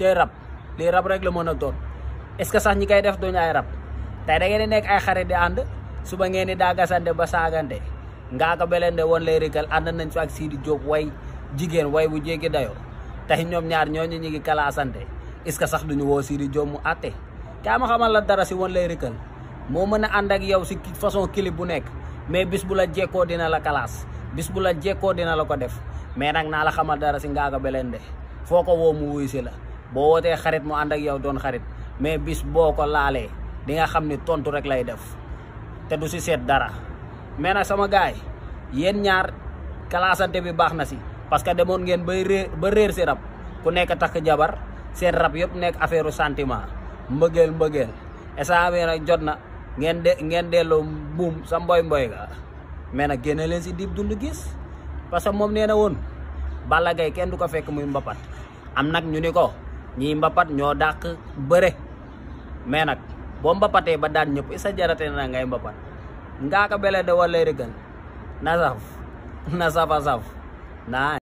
ci rap li rap rek la mëna doon est ce que sax ñi kay def duñu ay rap tay da ngeen nekk ay xarit di and suba ngeen da daagasante ba sagande nga ko belende won lay rekkal and nañ fa ak Sidi job way jigen way bu jéggi dayo tay ñom ñaar ñoo ñi ngi kalaasante est ce que sax duñu wo Sidi job mu até kaa ma xamal la dara si won lay rekkal mo mëna and ak yow si façon clip bu nekk mais bis bu la jéko dina la kalaas bis bu la jéko dina la ko def mais nak na la xamal dara ci nga ko belende foko wo mu wuyse la bo wote xarit mu ànd ak yow doon xarit mais bis boko ko di nga xamni tontu rek lay def te du ci sét dara mais sama gaay Yen ñaar classanté bi baxna na si parce que demone ngeen bay ba réer ci rap ku nekk tak jabar seen rap yop nekk affaireu sentiment mbëggeel mbëggeel instant bi nag jot na ngeen de ngeen delloo buum sa mboy mboy ga mais nag génne leen si Dip Doundou Guiss parce que mom nee won Balla gay kenn du ko fekk muy mbapat am nak ñu ni ko ñii mbapat ñoo dàq bëre mais nag boo mbapatee ba daan ñëpp isa jarate na ngay mbapat ngaa ka bele de wallay rëgal na saf na safa saf naa